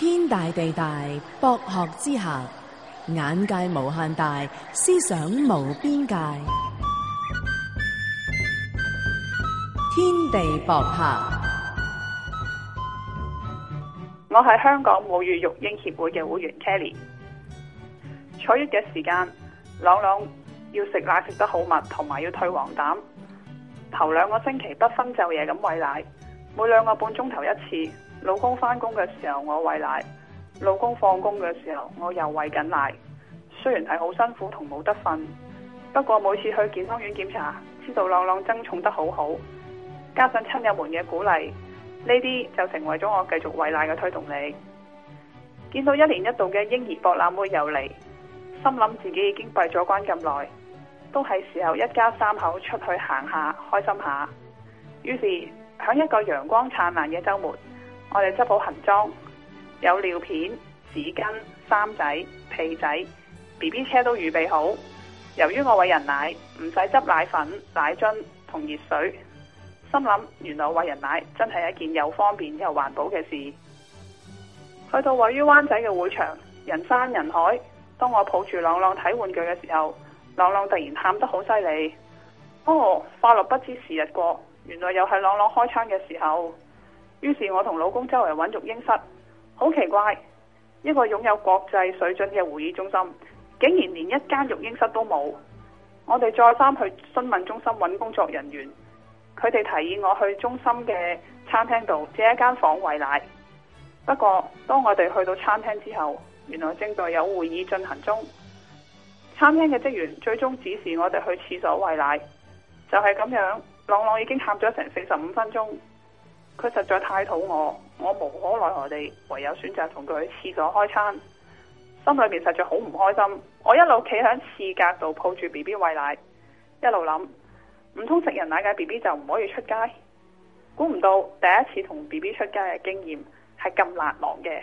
天大地大，博學之下，眼界無限大，思想無邊界。天地博客，我係香港母乳育嬰協會嘅會員 Kelly。坐月嘅時間，朗朗要食奶食得好密，同埋要退黃疸，頭兩個星期不分晝夜咁餵奶，每兩個半鐘頭一次。老公翻工嘅時候，我喂奶；老公放工嘅時候，我又喂緊奶。雖然係好辛苦同冇得瞓，不過每次去健康院檢查，知道朗朗增重得好好，加上親友們嘅鼓勵，呢啲就成為咗我繼續喂奶嘅推動力。見到一年一度嘅嬰兒博覽會又嚟，心諗自己已經閉咗關咁耐，都係時候一家三口出去行下，開心下。於是喺一個陽光燦爛嘅週末，我哋執好行裝，有尿片、紙巾、衫仔、被仔，B B 車都預備好。由於我餵人奶，唔使執奶粉、奶樽同熱水，心諗原來我餵人奶真係一件又方便又環保嘅事。去到位於灣仔嘅會場，人山人海。當我抱住朗朗睇玩具嘅時候，朗朗突然喊得好犀利。哦，快樂不知時日過，原來又係朗朗開餐嘅時候。於是，我同老公周圍揾育嬰室，好奇怪，一個擁有國際水準嘅會議中心，竟然連一間育嬰室都冇。我哋再三去新聞中心揾工作人員，佢哋提議我去中心嘅餐廳度借一間房餵奶。不過，當我哋去到餐廳之後，原來正在有會議進行中。餐廳嘅職員最終指示我哋去廁所餵奶。就係咁樣，朗朗已經喊咗成四十五分鐘。佢實在太肚餓，我無可奈何地唯有選擇同佢去廁所開餐，心裏面實在好唔開心。我一路企喺廁格度抱住 B B 餵奶，一路諗唔通食人奶嘅 B B 就唔可以出街。估唔到第一次同 B B 出街嘅經驗係咁難忘嘅。